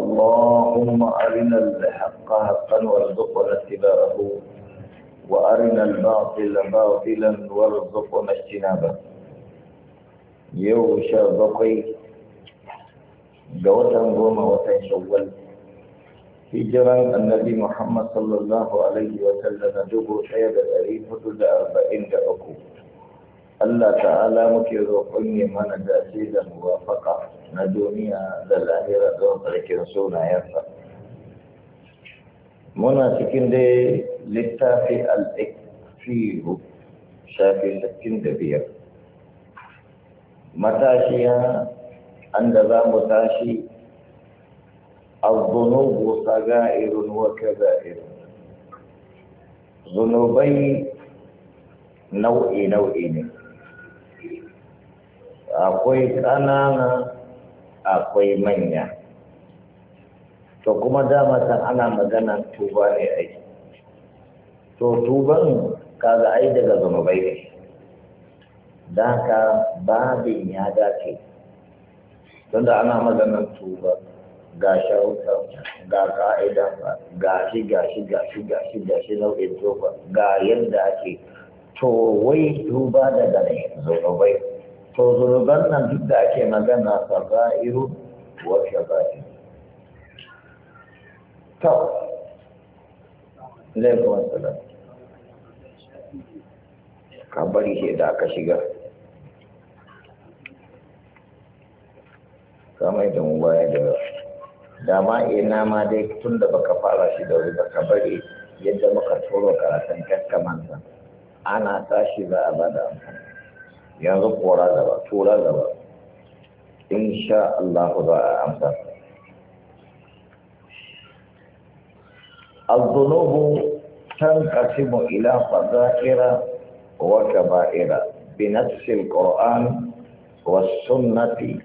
اللهم أرنا الحق حقا وارزقنا اتباعه وأرنا الباطل باطلا وارزقنا اجتنابه yau sha bakwai ga watan goma watan shawwal hijiran annabi muhammad sallallahu alaihi wa sallam dubu ɗaya da ɗari hudu da arba'in da uku Allah ta'ala muke roƙon ne mana dace da muwafaka na duniya da lahira don tsarkin sunayensa. Muna cikin dai littafi al'ikfiru shafi sittin da biyar. Matashiya an da za mu tashi saga'irun wa kaza'irun. Zunubai nau'i nau'i ne akwai ƙanana akwai manya to kuma dama san ana magana tuba ne ai to tuban kaga ai daga bai ne da haka babin ya dace don da ana maganar tuba ga sharuɗa ga ka'ida ga shi ga shi ga shi ga shi ga shi nau'in tuba ga yadda ake to wai tuba daga ne to zunuban nan duk da ake magana saba'iru wa shaba'i to laifin salam ka bari shi da aka shiga kamar da mu baya da dama ina ma dai tun da baka fara shi da wuri baka bari yadda muka turo karatun kakkamanta ana tashi za a bada amfani yanzu kora gaba tura gaba insha Allah za a amsa الذنوب تنقسم إلى فضائر وكبائر بنفس القرآن والسنة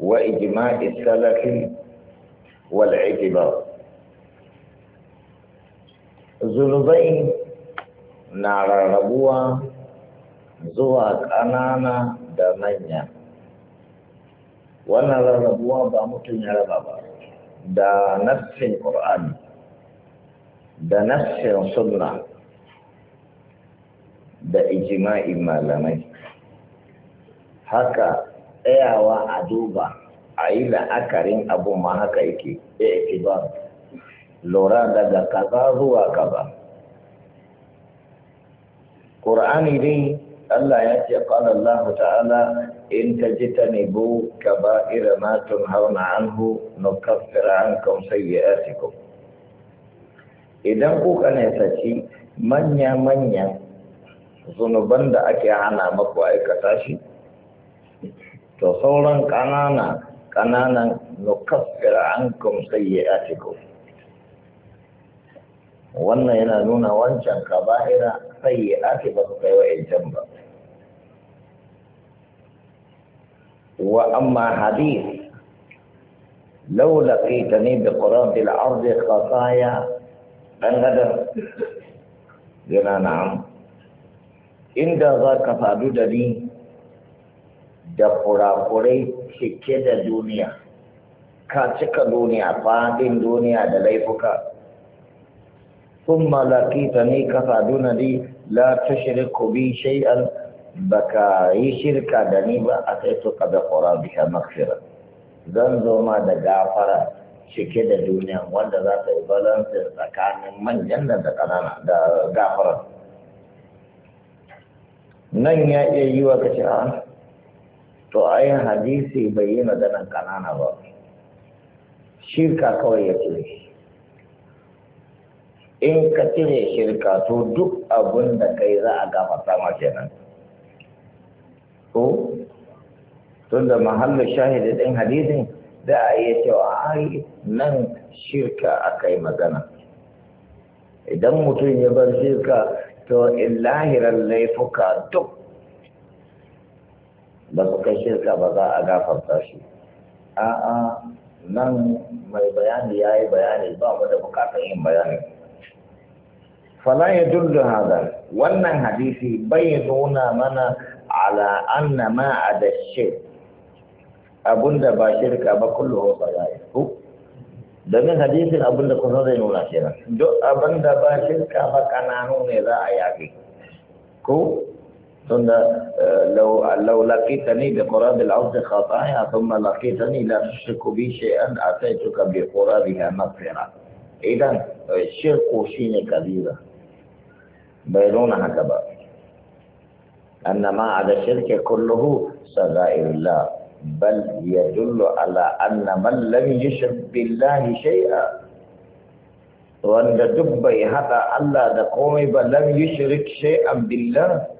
وإجماع السلف والاعتبار ذنوبين نار ربوة zuwa ƙanana da manya wannan rarrabuwa ba mutum ya raba ba da nassin ƙur'ani da nassin sunna da ijima'i malamai haka tsayawa a duba a yi la'akarin abun ma haka yake ya yake ba lura daga kaza zuwa kaza ƙur'ani dai Allah ya ce qala Allah ta'ala in hu na kafira an anhu sayi a cikin. idan kuka ne saci manya manya zunuban da ake hana maku aikata shi to sauran an kan sayi a cikin. wannan yana nuna wancan ka ba kaba'ira sayyi'ati ba su kai wa'ancan ba wa amma hadith law laqitani bi qurati al-ardi qataya dan gada yana na'am inda za ka faɗu da ni da kurakurai cike da duniya ka cika duniya fadin duniya da laifuka ثم لقيتني كفادون لي لا تشرك بي شيئا بكا يشرك دني أتيتك بقرابها مغفرة ma ما دقافرة cike da duniya wanda za ta yi balansin tsakanin manyan da da ƙanana da gafara nan ya iya yi wa kace a to hadisi bai yi maganan ƙanana ba shirka kawai ya ce in ka cire shirka to duk abin da kai za a gafarta sama kenan ko tunda mahallin shahidi din hadisin da a iya cewa ai nan shirka aka yi magana idan mutum ya bar shirka to lahiran laifuka duk ba su kai shirka ba za a gafarta shi a'a nan mai bayani ya yi bayani ba mu da bukatar yin bayani فلا يدل هذا وأن حديثي بيضون منا على أن ما عدا الشرك أبن با شرك أبا كله صغائر domin hadisin abin da zai nuna kenan duk abin da ba shirka ba kananu ne za a yaƙi ko tunda eh, law laqitani bi qurab al-ard khataaya thumma laqitani la tushriku bi shay'an ataytuka bi idan eh, shirku shine kabira bai nuna haka ba annama ala shirki kulluhu sadairullah bal yadullu ala anna man lam yushrik billahi shay'a wanda duk bai hada Allah da komai ba lam yushrik shay'an billah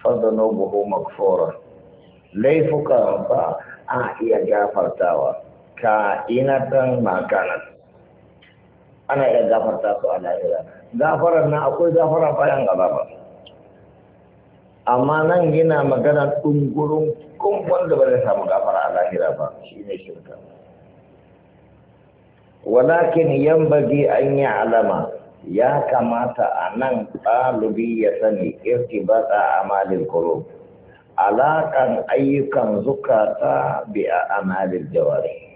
fa dhanubuhu maghfura laifuka ba a iya gafartawa ka ina inatan makanat ana iya gafarta su a lahira gafarar na akwai gafara bayan azaba amma nan yana magana ɗungurin kumban da ba samu gafara a lahira ba shi ne shirka walakin bagi an yi alama ya kamata a nan ɗalibi ya sani ba irtibata amalin kuro alaƙan ayyukan zukata bi a amalin jawari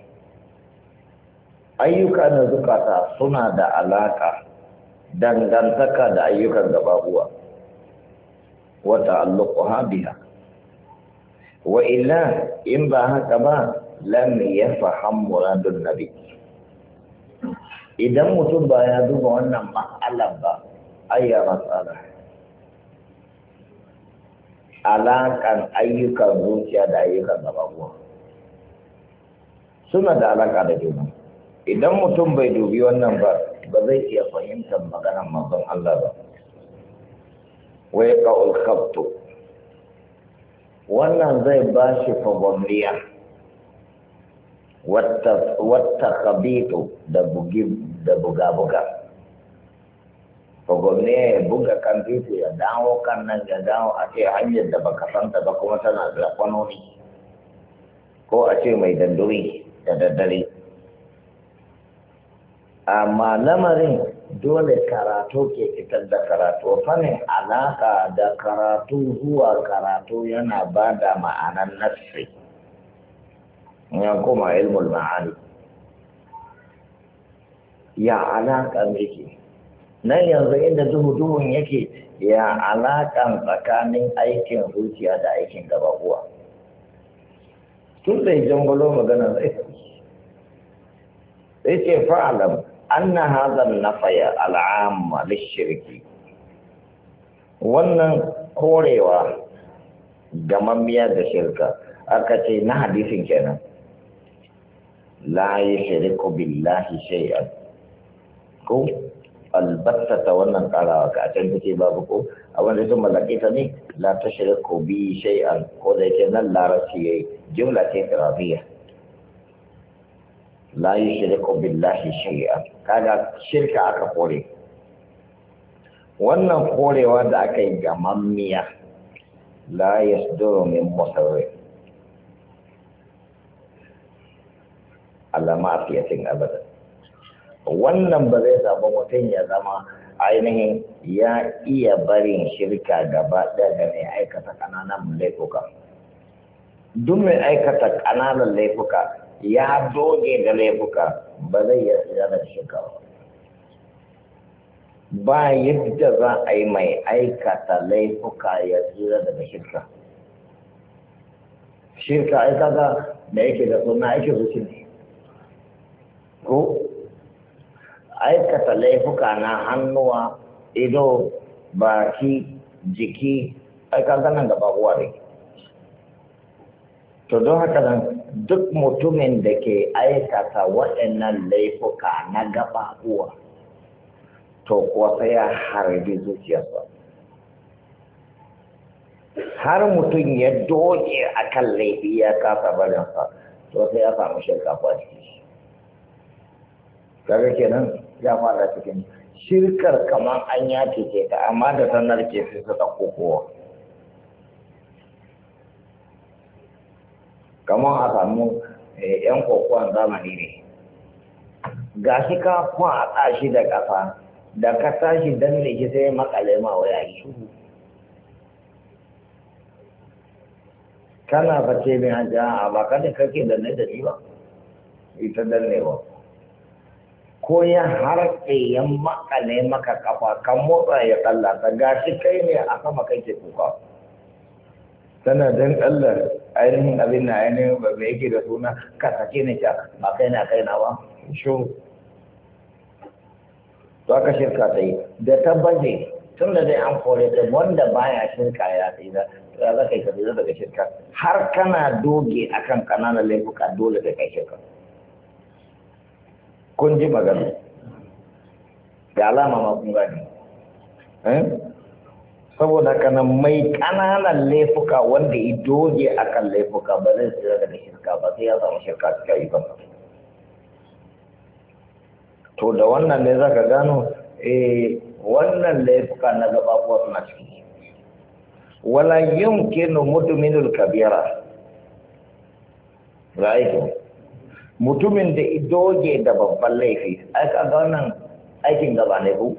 ayyuka na zukata suna da alaka dangantaka da ayyukan gababuwa wa ta'alluquha biha wa illa in ba haka ba lam yafham muradun nabi idan mutum ba ya duba wannan mas'alar ba ayya matsala alakan ayyukan zuciya da ayyukan gababuwa suna da alaka da juna idan mutum bai dubi wannan ba ba zai iya fahimtar maganar manzon Allah ba wai ka'ul khabtu wannan zai ba shi fagwamriya wata kabitu da buga-buga fagwamriya ya buga kan titi ya dawo kan nan ya dawo a ce hanyar da baka santa ba kuma tana da kwanoni ko a ce mai dandori da daddare amma lamarin dole karatu ke fitar da karatu sanin alaka da karatu zuwa karatu yana ba da ma'anar nafi ya kuma ilmul ma'ani ya alaka yake nan yanzu inda duhu duhun yake ya alaka tsakanin aikin zuciya da aikin gaba kuwa tun da jangolo magana zai ce fa'alam أن na faya العام shirki. wannan korewa gamammiya da shirka aka ce na hadisin kenan la yushriku billahi shay'an ko albatta ta wannan karawa ka can take babu ko abin da sun mallake ta ne la tushriku bi shay'an ko da yake nan larabci yayi jumla ce irabiyya la yushriku billahi shari'a kada shirka aka kore wannan korewa da aka yi ga mammiya la yasduru min alama a fiyatin abada wannan ba zai zaba mutum ya zama ainihin ya iya barin shirka gaba ɗaya da mai aikata ƙananan laifuka duk mai aikata ƙananan laifuka ya doge da laifuka ba zai iya tsira da shekaru ba yadda za a yi mai aikata laifuka ya tsira daga shirka shirka aikata da yake da suna aiki zuci ne ko aikata laifuka na hannuwa ido baki jiki aikata nan da uwa ne to don haka nan duk mutumin da ke aikata waɗannan laifuka na gaba uwa to kuwa ya harbi zuciyarsa har mutum ya doge a kan laifi ya kasa barinsa to sai ya samu shirka kwaci kaga kenan ya fara cikin shirkar kamar an yaki ke ta amma da sanar ke sai ta ɗauko kowa kamar a samu yan eh, kokowan zamani ne ga shi ka kuma a tashi da ƙasa da ka tashi don da shi sai makale ma waya yi kana face min hajji a ba ka da kake da na dani ba ita dannewa ko ya harƙe ya makale maka kafa kan motsa ya tsallata ga shi kai ne a sama kai ke kuka sanadin Allah ainihin abin na ainihin ba yake da suna kasake ne ni ba kai na kai na ba to aka shirka ta yi da tabbaje tun da zai an kore ta wanda baya shirka ya sai da ya za ka yi kafin daga shirka har kana doge akan kananan laifuka dole da kai shirka kun ji magana da alama ma kun gani eh? saboda kana mai ƙananan laifuka wanda ya doge a kan laifuka ba zai tsira daga shirka ba sai ya samu shirka cikin ba. to da wannan ne zaka gano eh wannan laifuka na gaba kuwa suna ciki wala yumkinu mudminul kabira ra'aytu mutumin da idoge da babban laifi aka ga wannan aikin gaba ne ku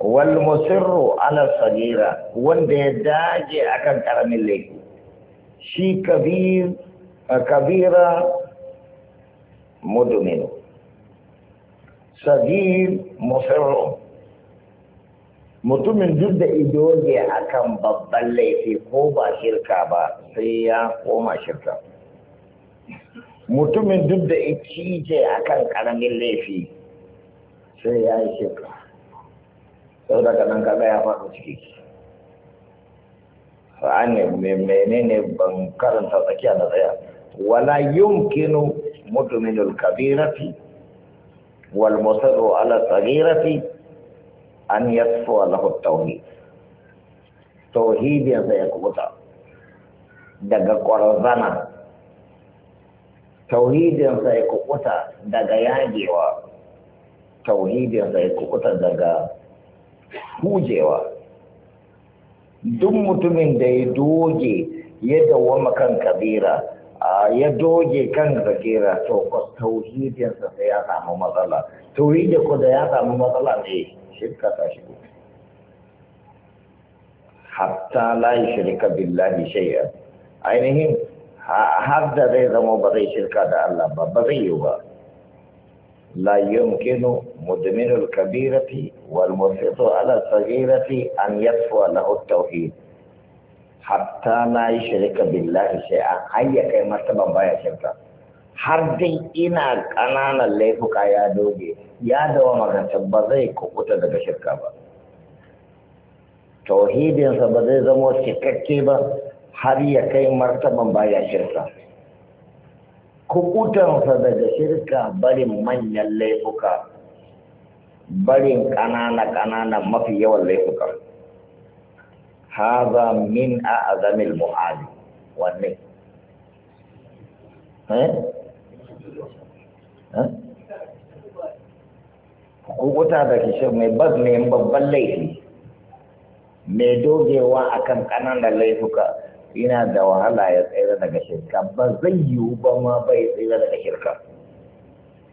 wal musirru ala sagira wanda ya dage akan karamin laifi shi kabir kabira mudumin. sagir musirru mutumin duk da idoge akan babban laifi ko ba shirka ba sai ya koma shirka mutumin duk da icije akan karamin laifi sai ya yi shirka sau da nan kaɗaya ya faru ciki sa'an ne menene ban karanta tsakiya da tsaya wala mutumin mutuminul kabirati wal musarru ala tsagirati an yasfu lahu tauhid tauhidin zai kubuta daga ƙwarzana tauhidinsa ya kukuta daga yagewa tauhidinsa ya kukuta daga hujewa duk mutumin da ya doge ya dawama kan kabira ya doge kan kabira to tauhidinsa sai ya samu matsala tauhidin ku da ya samu matsala ne shirka ta shigo hatta la shirka billahi shay'a ainihin har da zai zama ba zai shirka da Allah ba ba zai yi ba لا يمكن مدمن الكبيرة والمسيط على الصغيرة أن يصفو له التوحيد حتى لا يشرك بالله شيئا أي كلمة تبقى شركا har dai ina ƙananan laifuka ya doge ya dawa magance ba zai kukuta daga shirka ba tauhidinsa ba zai zama cikakke ba har ya kai martaban baya shirka kukutansa daga shirka barin manyan laifuka barin ƙanana-ƙanana mafi yawan laifuka haza min a azamil mu'ali wannan eh? eh? kukuta da kishin mai bas mai babban laifi mai dogewa akan ƙananan laifuka yana da wahala ya tsira daga shirka ba zai yiwu ba ma bai tsira daga shirka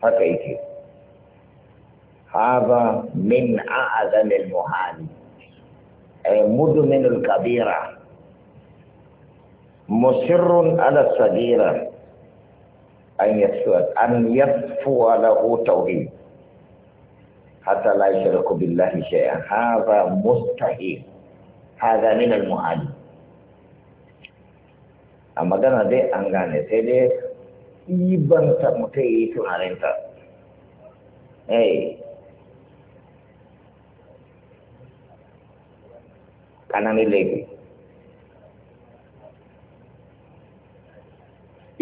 haka yake هذا من أعظم المحال مدمن الكبيرة مصر على الصغيرة أن يصفو أن يصفو له توحيد حتى لا يشرك بالله شيئا هذا مستحيل هذا من المحال a magana dai an gane sai dai ibanta mutai yi tunaninta eh kananin laifi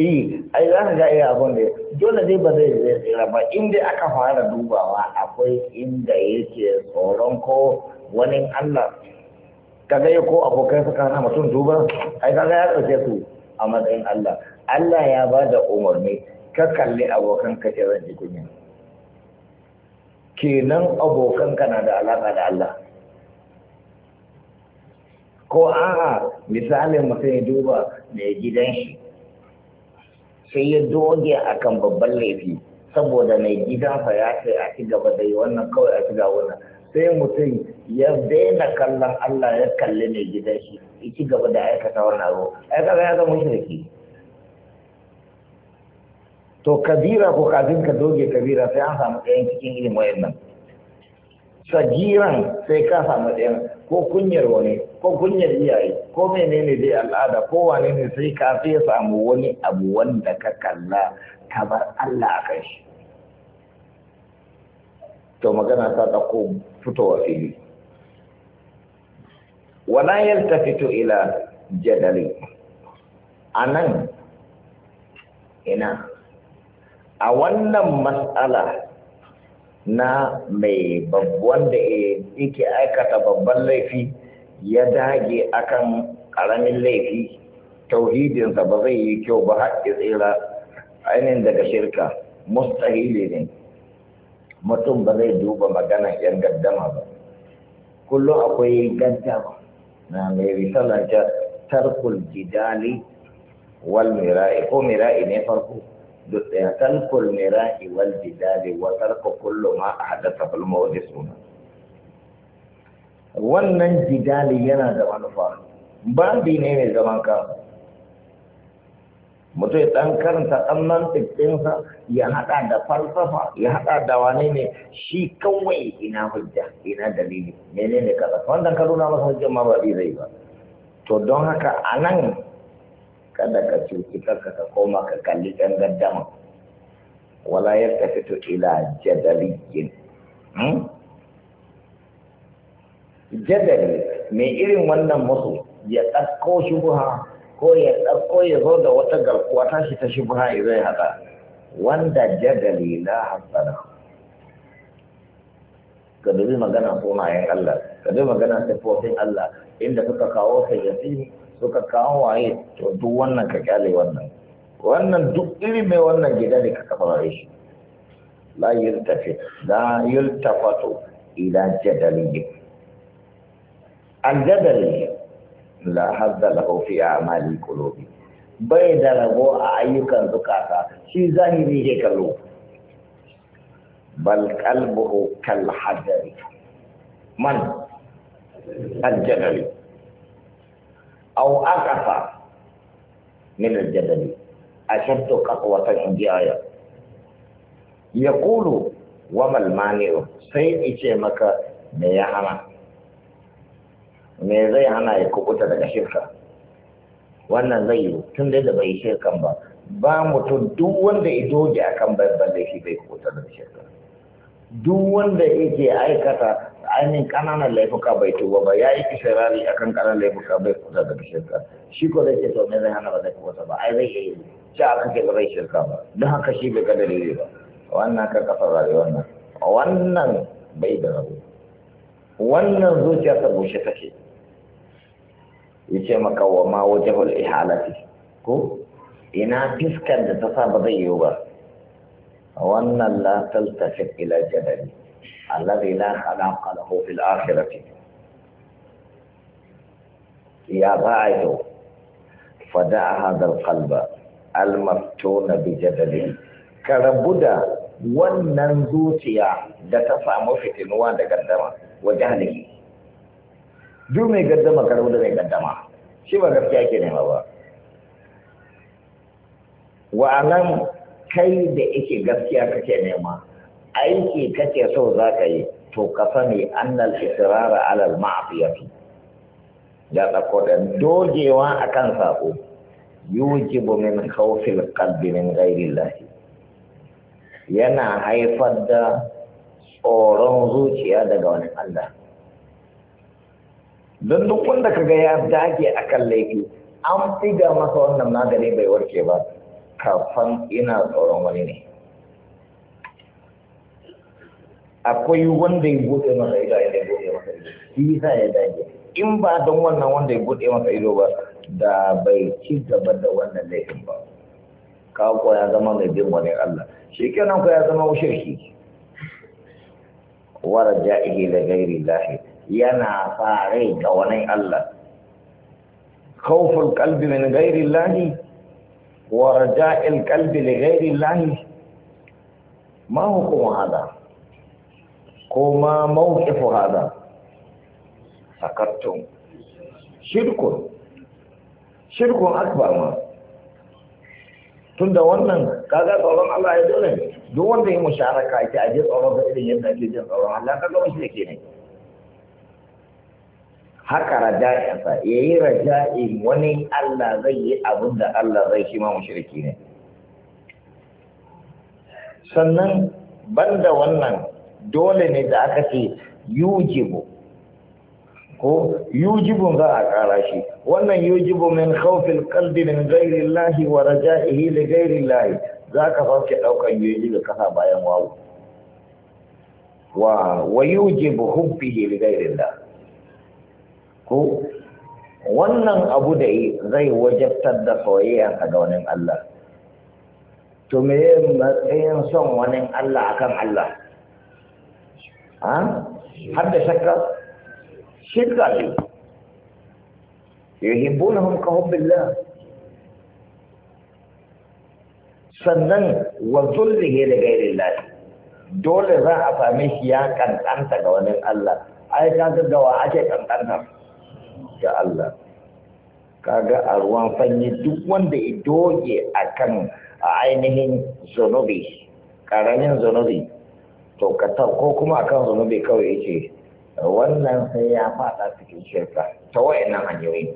eh ai za ga iya abin da dole dai ba zai zai tsira ba inda aka fara dubawa akwai inda yake tsoron ko wani Allah kaga ko abokai suka hana mutum duba ai kaga ya ɗauke su a matsayin Allah Allah ya ba da umarni ka kalli abokan ka ce zan kunya kenan abokan ka na da alaƙa da Allah ko a'a misalin mutum ya duba mai gidan shi sai ya doge a kan babban laifi saboda mai gidansa ya ce a ci gaba da yi wannan kawai a ci gaba wannan sai mutum ya daina kallon Allah ya kalli mai gidan shi ya ci gaba da aikata wannan abu ai kaga ya zama mushriki to kabira ko kafin ka doge kabira sai an samu ɗayan cikin irin wayannan sajiran sai ka samu ɗayan ko kunyar wani ko kunyar iyaye ko menene dai al'ada ko wane ne sai ka sai samu wani abu wanda ka kalla kamar Allah a kan shi to magana ta ɗauko fitowa fili wala yaltafitu ila jadali anan ina a wannan mas'ala na mai babban da e, yake aikata babban laifi ya dage akan ƙaramin laifi tauhidinsa ba zai yi kyau ba haƙƙi tsira ainihin daga shirka mustahili ne mutum ba zai duba magana yan gaddama ba kullum akwai gaddama na mai risala ta tarkul jidali wal mira'i ko mira'i ne farko duk ya tarkul mira'i wal jidali wa tarku kullu ma a hada bulma wajen suna wannan jidali yana da manufa babi ne mai zaman kansa mutum ya ɗan karanta ɗannan ɗinsa ya haɗa da falsafa ya haɗa da wane ne shi kawai ina hujja ina dalili ne kaza wanda ka nuna masa hujjar ma ba zai ba to don haka a nan kada ka cuci kanka ka koma ka kalli ɗan gaddama wala ya tafi to ila yin hmm? jadali mai irin wannan musu ya ɗauko shubuha ko ya ɗauko ya zo da wata garkuwa ta shi ta buha zai haɗa wanda jadali na hasana ka dubi magana sunayen Allah ka dubi magana sifofin Allah inda suka kawo sayyasi suka kawo waye to duk wannan ka kyale wannan wannan duk iri mai wannan gida ne ka kafa shi la yultafi la yultafatu ila jadali al jadali la hadda lahu fi a'mali qulubi bai da rabo a ayyukan zukata shi zahiri ke kallo bal qalbuhu kal hadari man al-jadali aw aqafa min al-jadali ashaddu qatwatan injaya yaqulu wa mal mani'u sai ice maka me ya hana me zai hana ya kubuta daga shirka wannan zai yi tun da bai yi shirkan ba ba mutum duk wanda ya doge a kan babban laifi bai kubuta daga shirka duk wanda yake aikata ainihin ƙananan laifuka bai tuba ba ya yi kisirari a kan ƙananan laifuka bai kubuta daga shirka shi ko zai ce to me zai hana ba zai kubuta ba ai zai yi shi a kake zai shirka ba don haka shi bai ga dalili ba wannan kan kafar rayuwar nan wannan bai da rabu wannan zuciya ta bushe take ce maka wa ma wajhul ihalati ko ina fiskar da ta sa ba zai yiwu ba wannan la fi ila jadali alladhi la khalaqa lahu fil akhirati ya ba'idu fada'a hadha al qalba al na bi jadali karabuda wannan zuciya da ta samu fitinuwa da dama wa duk mai gaddama karo da mai gaddama shi ba gaskiya ke nema ba wa alam kai da yake gaskiya kake nema aiki kake so za ka yi to ka sani annal isirara alal ma'afiyati ya tsako da dogewa akan sako yujibu min khawfil qalbi min ghairi yana haifar da tsoron zuciya daga wani Allah don duk wanda ka ga ya dage a kan laifi an figa masa wannan magani bai warke ba kafan ina tsoron wani ne akwai wanda ya buɗe masa ido ya buɗe masa ido shi sa ya dage in ba don wannan wanda ya buɗe masa ido ba da bai ci gaba da wannan laifin ba ko ya zama mai bin wani Allah shi kenan ko ya zama shirki wara ja'ihi da gairi lahi yana sa rai ga wani Allah khawful qalbi min ghairi Allah wa raja'il qalbi li ghairi Allah ma hukumu hada ko ma mawqifu hada sakartum shirkun shirkun akbar ma tunda wannan kaga tsoron Allah ya dole duk wanda ya musharaka yake aje tsoron ga irin yadda ake jin tsoron Allah kaga wani shi ne haka raja'insa ya yi raja'in wani Allah zai yi abin da Allah zai shi ma shirki ne sannan banda wannan dole ne da aka ce yujibu ko yujibu za a kara shi wannan yujibu min khawfil qalbi min ghairi Allah wa raja'ihi li ghairi Allah zaka fauke daukan yujibu kasa bayan wawu wa wa yujibu hubbihi li ghairi ko wannan abu da zai wajabtar da soyayya ga wani Allah to me matsayin son wani Allah akan Allah ha har da shakka shirka ne yuhibbunahum ka hubbillah sannan wa zullihi li ghairillah dole za a same shi ya kankanta ga wani Allah ai kaga wa ake kankanta ga Allah kaga a ruwan sanyi duk wanda ya doge akan a ainihin zunubi karamin zunubi to ka ko kuma akan zunubi kawai yake wannan sai ya fada cikin shirka ta wayannan hanyoyi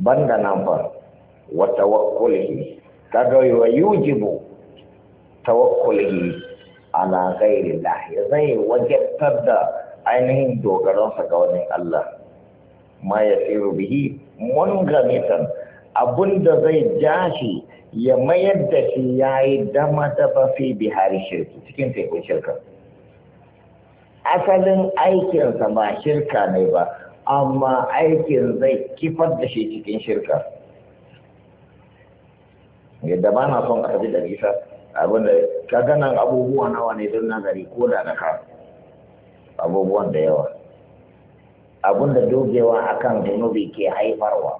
banda nan fa wa tawakkulihi kaga wa yujibu tawakkulihi ala ghairi lahi zai wajabtar da ainihin dogaransa ga wani Allah ma ya tsiru bihi da zai jashi ya mayar da shi yayi dama da fi bihari shirki cikin tekun shirka asalin aikinsa ba shirka ne ba amma aikin zai kifar da shi cikin shirka yadda ba na son a tafi da nisa abin da kaga nan abubuwa nawa ne don nazari ko da na ka abubuwan da yawa abin da dogewa akan zunubi ke haifarwa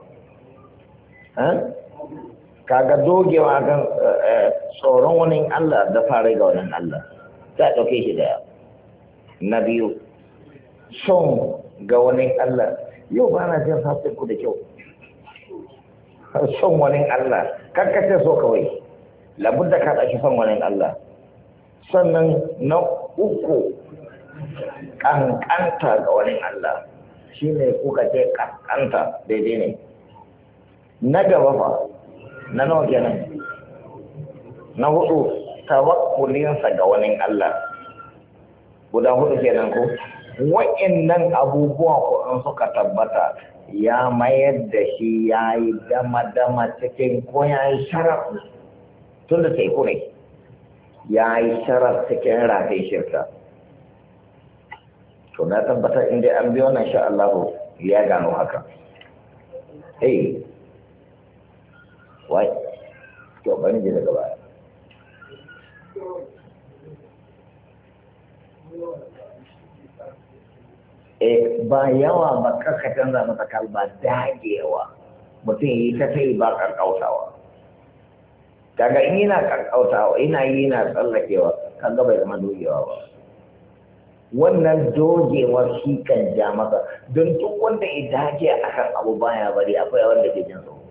kaga dogewa akan eh, eh, tsoron wani Allah da fara ga wani Allah za ɗauke shi da na biyu son ga wani Allah yau ba na jin fasin ku da kyau son wani Allah karkace so kawai labudda ka ɗauki son wani Allah sannan na uku ƙanƙanta ga wani Allah shi ne kuka ce ƙanƙanta daidai ne na gaba fa na nawa kenan na hudu tawakkulinsa ga wani Allah guda hudu kenan ko wa'annan abubuwa ko an suka tabbata ya mayar da shi ya yi dama-dama cikin ko ya yi sharafu tun da sai kurai ya yi sharar cikin rafe shirka to na tabbatar inda an biyo na sha Allah ya gano haka eh wai to bani je daga baya eh ba yawa ba kakka canza masa kalba dagewa mutum yi ta sai ba karkautawa kaga in yana kakkautawa ina yi yana tsallakewa kaga bai zama dogewa ba wannan dogewa shi kan ja maka don duk wanda ya a kan abu baya bari akwai wanda ke jin tsoro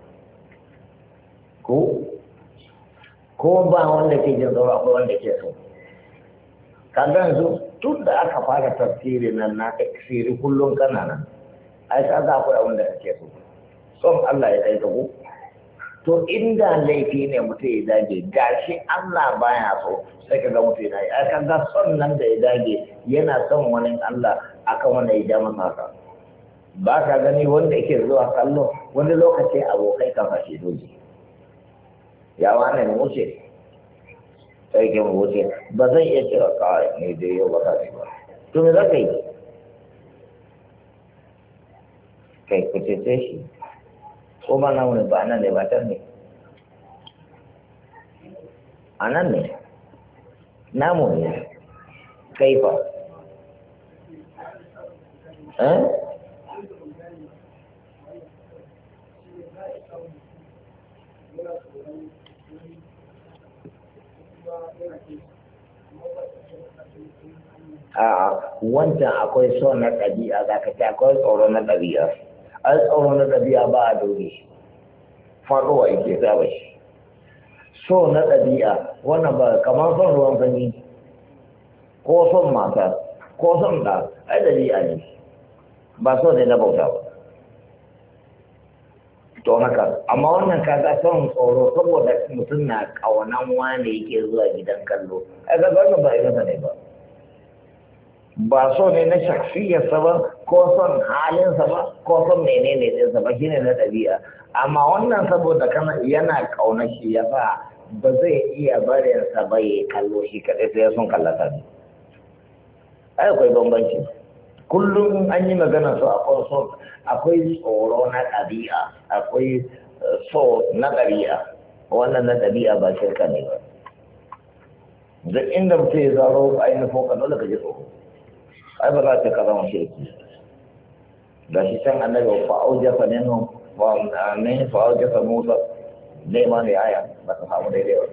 ko ko ba wanda ke jin tsoro akwai wanda ke so kaga yanzu tun da aka fara tafsiri nan na tafsiri kullum kana nan ai kaga akwai wanda ka kake so son Allah ya kai ka ku. to inda laifi ne mutum ya dage shi Allah baya so sai kaga mutum ya dage a kaga son nan da ya dage yana son wani Allah akan wanda ya dama maka ba ka gani wanda yake zuwa kallo wani lokaci abokai kan fashe doji ya wani mu wuce sai ke mu wuce ba zai iya cewa kawai ne da yau ba ka ba to me za ka yi kai ku shi ko ba na wani ba nan ne ba can ne a nan ne namu ne kaifa eh a wancan akwai so na ɗabi'a za ka ce akwai tsoro na ɗabi'a ai tsawon na ɗabi'a ba a dore shi faruwa yake zaba shi so na ɗabi'a wannan ba kamar son ruwan sanyi ko son mata ko son da ai ɗabi'a ne ba so ne na bauta ba to haka amma wannan kaga son tsoro saboda mutum na ƙaunan wani yake zuwa gidan kallo ai ga wannan ba masa ne ba ba so ne na shakhsiyarsa ba ko son halinsa ba ko son menene ne ba shine na ɗabi'a amma wannan saboda kana yana ƙauna shi ya sa ba zai iya barinsa ba ya kallo shi kaɗai sai son kallata ne ai akwai bambanci kullum an yi magana su akwai so akwai tsoro na ɗabi'a akwai eh, so na ɗabi'a wannan na ɗabi'a ba shirka ne ba duk inda mutum ya zaro ainihin fokan dole ka ji tsoro ai ba za ka kaza mu shirki da shi can annabi fa aujasa minhum wa min fa aujasa musa dai ma ne aya ba ta samu daidai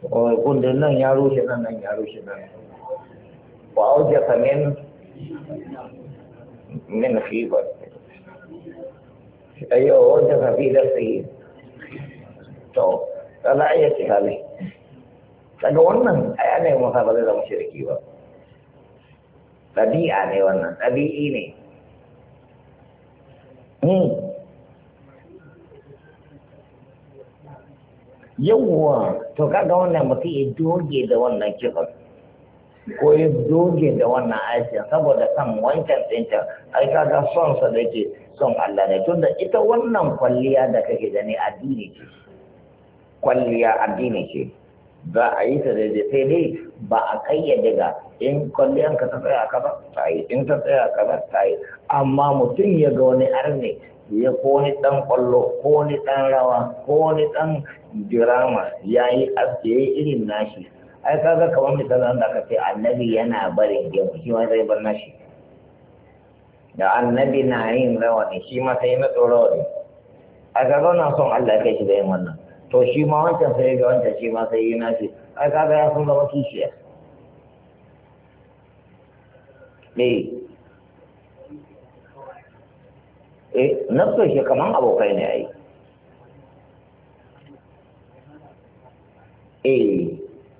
ba kundin nan ya rushe nan nan ya rushe nan fa aujasa min min khibar ayo aujasa fi nafsihi to ala ayati hali daga wannan aya ne mu ba da zama shirki ba ɗabi'a ne wannan ɗabi'i ne hmm. yawwa to kaga wannan mutum ya doge da wannan kifin ko ya doge da wannan aikin saboda kan wancan tsinta ai kaga son sa da ke son Allah ne tunda ita wannan kwalliya da kake gani addini ce kwalliya addini ce za a yi ta daidai sai dai ba a kayyade ga in kwalliyan ka ta tsaya ba ta yi in ta tsaya ba ta yi amma mutum ya ga wani arne ya ko ni dan kwallo ko ni dan rawa ko ni dan dirama ya yi aske irin nashi ai kaga kamar misali da aka ce annabi yana barin gemu shi ma zai bar nashi da annabi na yin rawa ne, shi ma sai na tsoro ne a kaga na son Allah kai shi da yin wannan to shi ma wancan sai ga wancan shi ma sai yi nashi ai kaga ya sun zama kishiya e na so shi kaman abokai ne ai e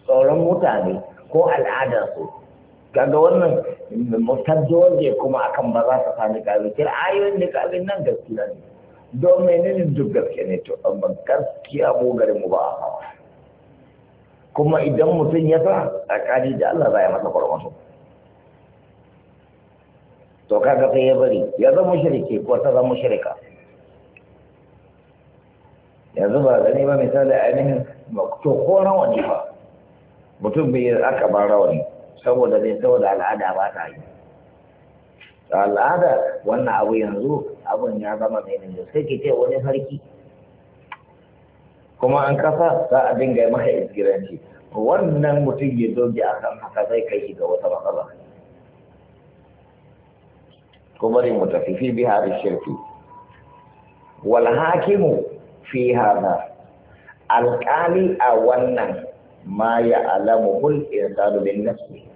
tsoron mutane ko su, kaga wannan mutajjo waje kuma akan ba za su sami kira ayoyin da kabin nan gaskiya ne don menene duk gaske ne to amma gaskiya mu garin mu ba kuma idan mutum ya sa kadi da Allah za ya masa kwarmasu to kaga sai ya bari ya zama shirike ko ta zama shirika yanzu ba gani ba misali ainihin to ko rawani ba mutum bai aka ba rawani saboda zai saboda al'ada ba ta yi al'ada wannan abu yanzu abun ya zama mai ne sai ke ce wani sarki kuma an kasa za a dinga maka iskiranci wannan mutum ya doge a kan haka zai kai shi ga wata matsala bari mu tafi fi biha da shirki wal hakimu fi hada alƙali a wannan ma ya alamu hul irsalu bin nafsi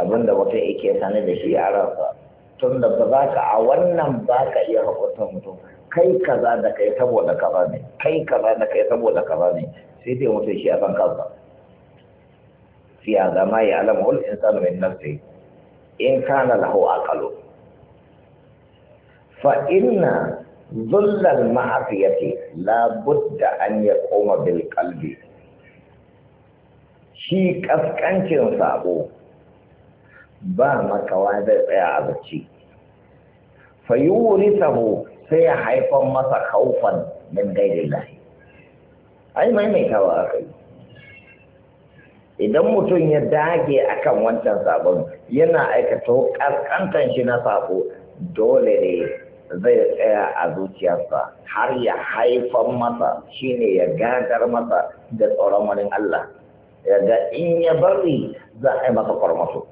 abinda mutum yake sane da shi a ransa tun da ba za ka a wannan ba ka iya haƙurta mutum kai kaza da kai saboda ba ne kai kaza da kai saboda ba ne sai dai mutum shi a kan kansa fi hadha ma in al-insanu min nafsihi in kana lahu aqalu fa inna dhulla al ce, la budda an koma bil kalbi shi kaskancin sabo ba makawa zai tsaya a bacci wuri sabo sai ya haifan masa kaufan min gaidai lahi ai maimaitawa a yi idan mutum ya dage akan wancan sabon yana aikata kaskantan shi na sabo dole ne zai tsaya a zuciyarsa har ya haifan masa shine ya gadar masa da tsoron wani Allah yaga in ya bari za a yi masa kwarmasu.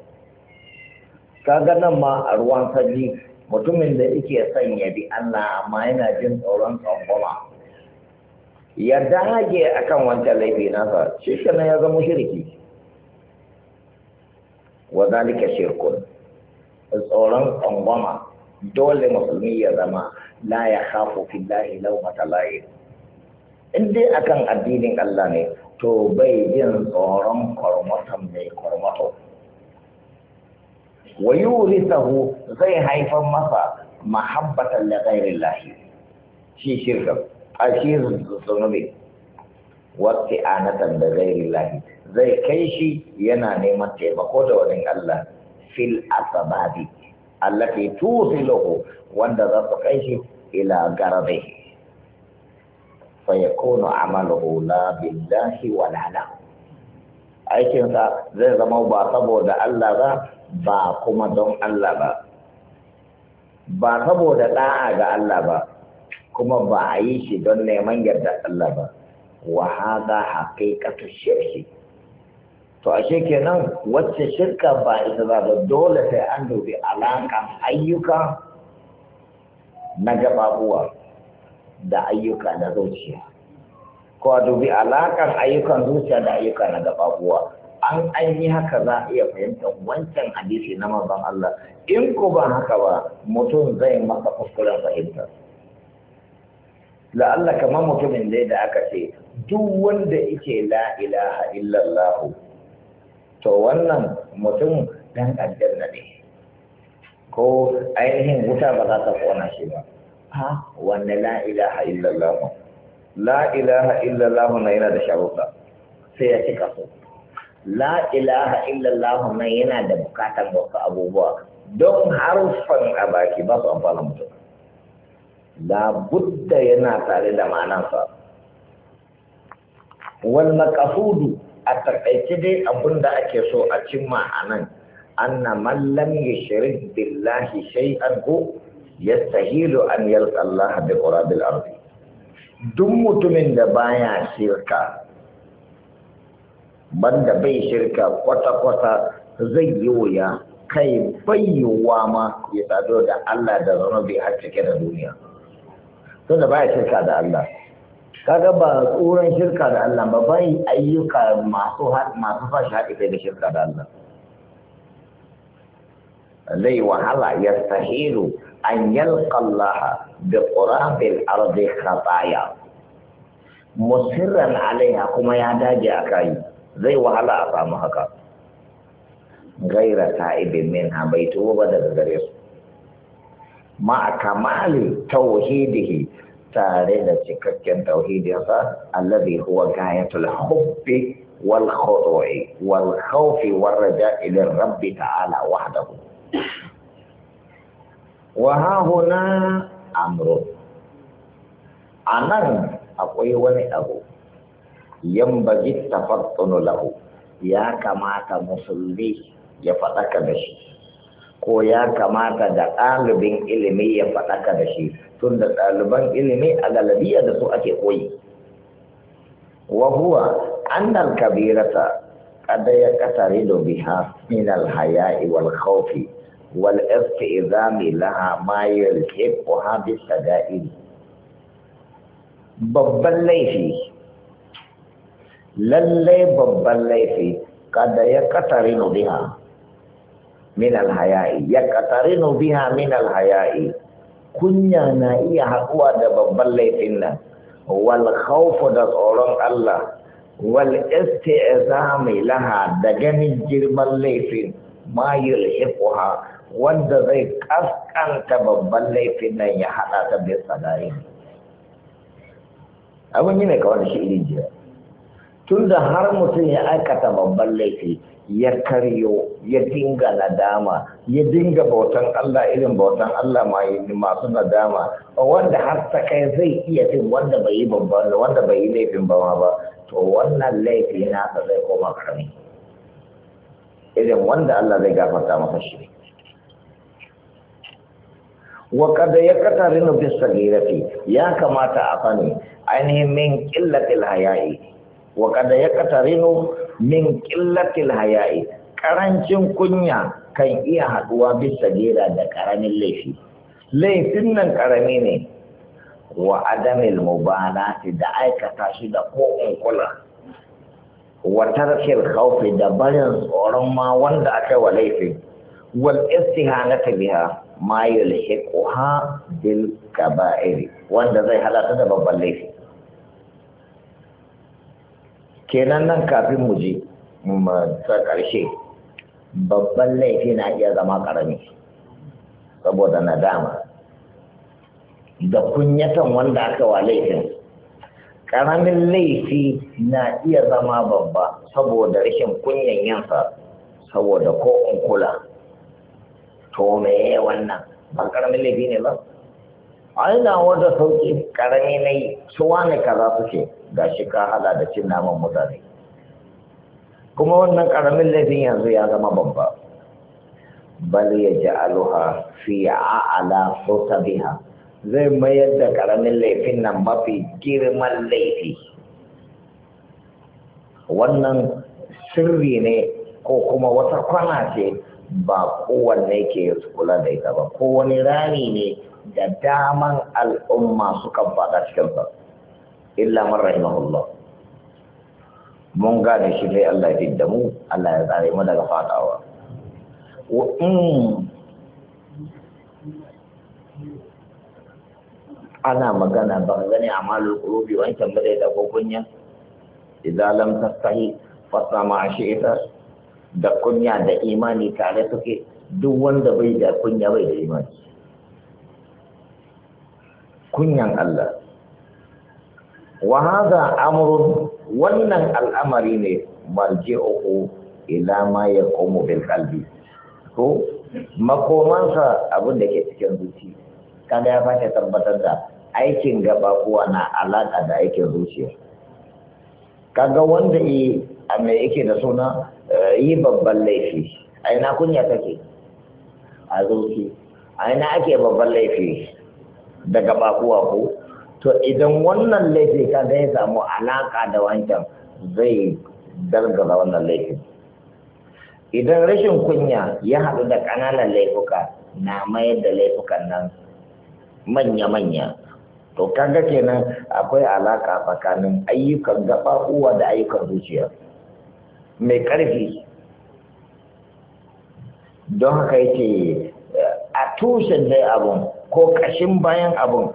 kaga nan ma a ruwan sanyi mutumin da yake son ya bi Allah amma yana jin tsoron tsangwama ya dage akan wancan laifi nasa shi ya zama shirki wa zalika shirkun tsoron tsangwama dole musulmi ya zama la ya khafu fillahi lawmata layin in dai akan addinin Allah ne to bai jin tsoron kwarmatan mai kwarmato wa yurithahu zai haifar masa mahabbatan da ghairin lahi shi shirka a shi zunubi wata anatan da ghairin lahi zai kai shi yana neman taimako da wani Allah fil asababi allati tusiluhu wanda za su kai shi ila garabihi fa yakunu amaluhu la billahi wala lahu aikinsa zai zama ba saboda Allah ba ba kuma don Allah ba ba saboda da'a ga Allah ba kuma ba a yi shi don neman yarda Allah ba wa haza haqiqatu shirki to ashe kenan wacce shirka ba ita za ba dole sai an dubi alaƙan ayyuka na gababuwa da ayyuka na zuciya ko a dubi alaƙar ayyukan zuciya da ayyuka na gababuwa an aini haka za a iya fahimtar wancan hadisi na manzon Allah in ko ba haka ba mutum zai masa kuskuren fahimta la'alla kamar mutumin dai da aka ce duk wanda yake la ilaha illallah to wannan mutum dan aljanna ne ko ainihin wuta ba za ta kona shi ba ha wanne la ilaha illallah la ilaha illallah na yana da sharuɗa sai ya cika su la ilaha illallah nan yana da bukatan wasu abubuwa don harufan a baki ba su amfana mutum labudda yana tare da ma'anansa wal maqasudu a takaice dai abin da ake so a cimma a nan anna man lam yushrik billahi shay'an ko yastahilu an yalqa Allah bi qurabil ardi duk mutumin da baya shirka banda bai shirka kwata-kwata zai yi wuya kai bayyuwa ma ya sadu da Allah da bai har cike da duniya tunda ba ya shirka da Allah kaga ba tsoron shirka da Allah ba bai ayyuka masu masu fashi haɗi kai da shirka da Allah zai wahala ya sahiru an yalqa Allah ƙorafin qurabil ardi khataya musirran alaiha kuma ya dage a kayi zai wahala a samu haka gaira sa'ibin min ha bai tuwo ba daga gare su ma a kamali tauhidihi tare da cikakken tauhidinsa allazi huwa gayatul hubbi wal khudu'i wal khawfi war raja'i lir rabbi ta'ala wahdahu wa ha huna amru anan akwai wani abu yambagi tafattunu lahu ya kamata musulmi ya faɗaka da shi ko ya kamata da ɗalibin ilimi ya faɗaka da shi tun da ɗaliban ilimi a galabiya da su ake koyi Wahuwa huwa annal kabirata kada ya katare da biha min alhaya'i wal khawfi wal istizami laha ma yalhiqu babban laifi للي ببال لي في قد يكترين بها من الحياء يكترين بها من الحياء كنيا نائيا حقوا دا ببال لي فينا والخوف دا صورك الله والاستعزام لها دا جن الجرمال لي في ما يلحقها وند ذي كفكان تببال لي فينا يحقا تبير صدائين أبو مين كون شئ tun da har mutum ya aikata babban laifi ya karyo ya dinga nadama ya dinga bautan Allah irin bautan Allah masu nadama wanda har ta kai zai iya fin wanda bai yi babban wanda bai yi laifin ba ma ba to wannan laifi na ta zai koma karami irin wanda Allah zai gafarta masa shi wa kada ya katarinu bis sagirati ya kamata a sani ainihin min qillatil haya'i wa kada ya katarinu min ƙillatil haya'i ƙarancin kunya kan iya haɗuwa bisa gera da ƙaramin laifi laifin nan ƙarami ne wa adamil mubalati da aikata shi da ko kula wa tarkil khawfi da barin tsoron ma wanda aka wa laifin wal istihanata biha ma yulhiquha bil kaba'iri wanda zai halata da babban laifi kenan nan kafin mu je ta ƙarshe babban laifi na iya zama ƙarami saboda nadama da kunyatan wanda aka wa laifin ƙaramin laifi na iya zama babba saboda rashin kunyan yansa saboda ko in kula to me wannan ba ƙaramin laifi ne ba aina wata sauƙi ƙarami na yi suwa ne kaza suke ga shi ka hala da cin naman mutane kuma wannan karamin laifin yanzu ya zama babba bal ya ja'aluha fi a'la sutabiha zai mayar da karamin laifin nan mafi girman laifi wannan sirri ne ko kuma wata kwana ce ba kowanne ke kula da ita ba ko wani rami ne da daman al'umma suka faɗa cikin sa illa man rahimahullah mun gane shi dai Allah ya fidda mu Allah ya tsare mu daga fadawa wa ana magana ba gane amalul qulubi wancan ba da gogunya idza lam tastahi fasa ma shi'ta da kunya da imani tare suke duk wanda bai da kunya bai da imani kunyan Allah wa hadha amrun wannan al'amari ne marji'uhu ila ma yaqumu bil qalbi ko makomansa abin da ke cikin zuci kada ya fashe tabbatar da aikin gaba kuwa na alaka da aikin zuciya kaga wanda yi a mai yake da suna eh, yi babban laifi a ina kunya take a zuci a ina ake babban laifi daga bakuwa ko to idan wannan laifin ka ya samu alaka da wancan zai gargaza wannan laifin idan rashin kunya ya haɗu da ƙananan laifuka na mayar da laifukan nan manya-manya to kaga kenan akwai alaka tsakanin ayyukan gaba uwa da ayyukan zuciya mai ƙarfi don haka yake eh, a tushen dai abun ko ƙashin bayan abun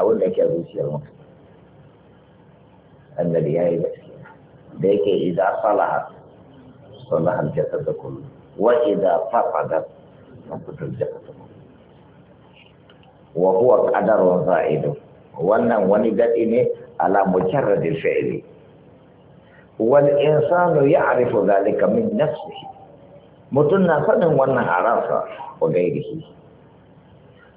abin da yake zuciyar mutum annabi ya yi gaskiya da yake idan salaha salaha jasad da kullum. wa idan fafadat fafadat jasad da kullu wa huwa a za'idu wannan wani daɗi ne ala mujarradil fi'li wal insanu ya'rifu dhalika min nafsihi mutum na sanin wannan a ransa wa gairihi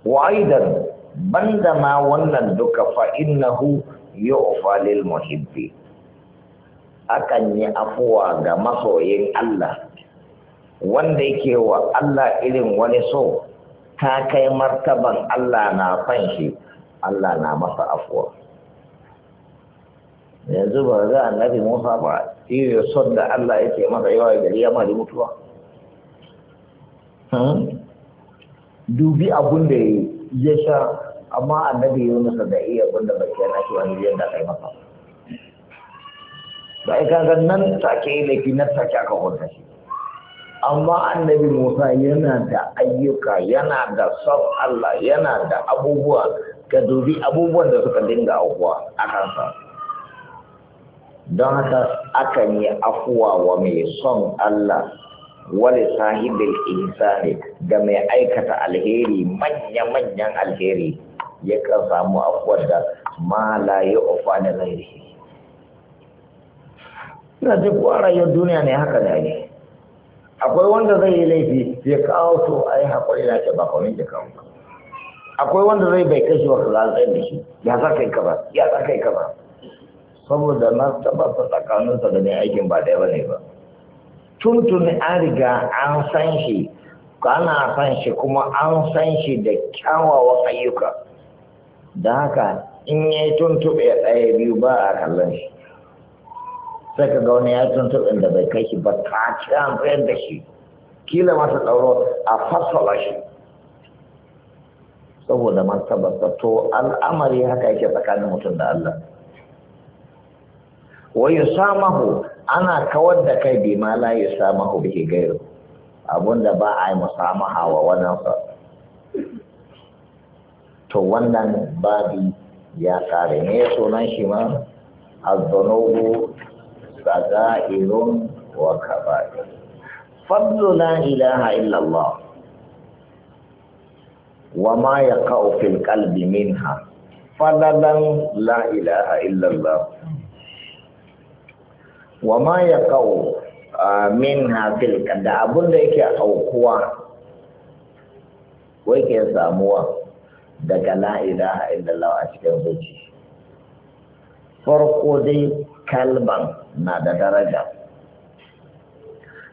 wa aidan banda ma wannan duka fa innahu yu'fa lil muhibbi akan yi afuwa ga masoyin Allah wanda yake wa Allah irin wani so ta kai martaban Allah na fan shi Allah na masa afuwa yanzu ba za a nabi Musa ba shi son da Allah yake masa yawa gari ya mari mutuwa hmm? dubi abun da ya yi ya sha amma annabi Yunus da iya abinda bai yana shi wani yadda kai masa da ai kaga nan take yi laifi ta take aka kwanta shi amma annabi Musa yana da ayyuka yana da sab Allah yana da abubuwa ga dubi abubuwan da suka dinga aukuwa a kansa don haka akan yi afuwa wa mai son Allah wani sahibin insani da mai aikata alheri manya-manyan alheri ya kan samu afuwar da ma la yi ofa na ina ce ko rayuwar duniya ne haka da ne akwai wanda zai yi laifi ya kawo to a yi haƙuri na ce ba kwanin da kawo akwai wanda zai bai kashi wa kaza da shi ya za kai kaza ya za kai kaza saboda na tabbata tsakaninsa da mai aikin ba da ba ne ba tuntuni an riga an san shi ana san shi kuma an san shi da kyawawan ayyuka da haka in ya yi tuntuɓe ɗaya biyu ba a kallon shi sai ka ga wani ya tuntuɓe da bai kai shi ba ta an tsayar da shi kila masa ɗauro a fassala shi saboda martaba to al'amari haka yake tsakanin mutum da Allah wa yusamahu ana kawar da kai bi ma la yusamahu bihi gairu abunda ba a yi musamaha wa wannan sa to wannan babi ya kare ne sunan shi ma az-zunubu sagairun wa kaba'ir fadlu la ilaha illa Allah wa ma yaqa'u fil qalbi minha fadlan la ilaha illa Allah wa ma ya kawo ah, min hafil da abun da yake aukuwa wai ke samuwa daga la'ilaha illallah a cikin zuci farko dai kalban na da daraja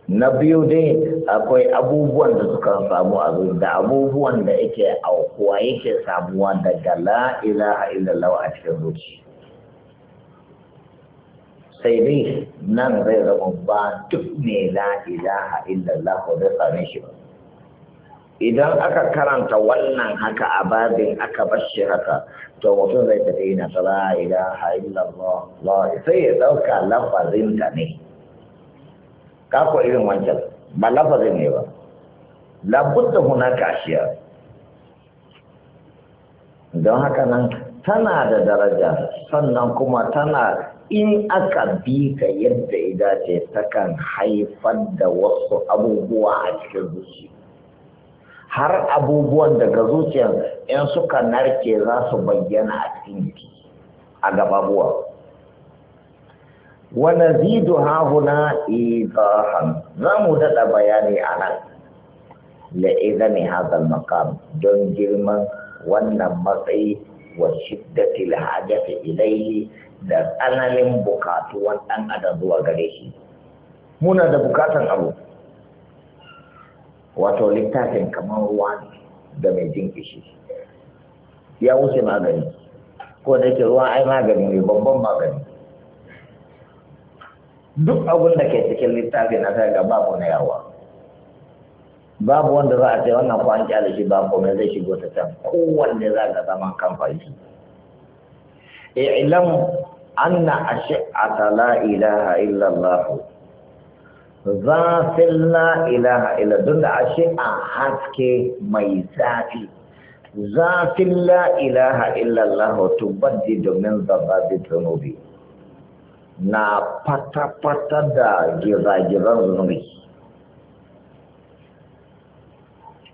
na biyu dai akwai abubuwan da suka samu a zuci da abubuwan da yake aukuwa yake samuwa daga la'ilaha illallah a cikin zuci sai dai nan zai zama ba duk ne la ilaha illallah ko zai same shi ba idan aka karanta wannan haka a babin aka bashi haka to mutum zai tafi yana ta la ilaha illallah sai ya dauka lafazin ta ne ka irin wancan ba lafazin ne ba labudda kuna kashiya. don haka nan tana da daraja sannan kuma tana in aka bi ka yadda ya dace kan haifar da wasu abubuwa a cikin zuci har abubuwan daga zuciyar in suka narke za su bayyana a cikin jiki a gababuwa wa nazidu hahuna idahan za mu daɗa bayani a nan la idani hadal makam don girman wannan matsayi gare muna da bukatan abu wato littafin kamar ruwa da mai jin kishi ya wuce magani ko da ke ruwa ai magani ne babban magani duk abin da ke cikin littafin na ta gaba ko na yawa babu wanda za a ce wannan ko an kyale shi babu komai zai shigo ta can kowanne za ga zaman kamfani i'lam anna ta la ilaha illa Allah za la ilaha illa don da ashi'a haske mai zafi za la ilaha illa Allah tubaddi domin zababi zunubi na fata-fata da gizagizan zunubi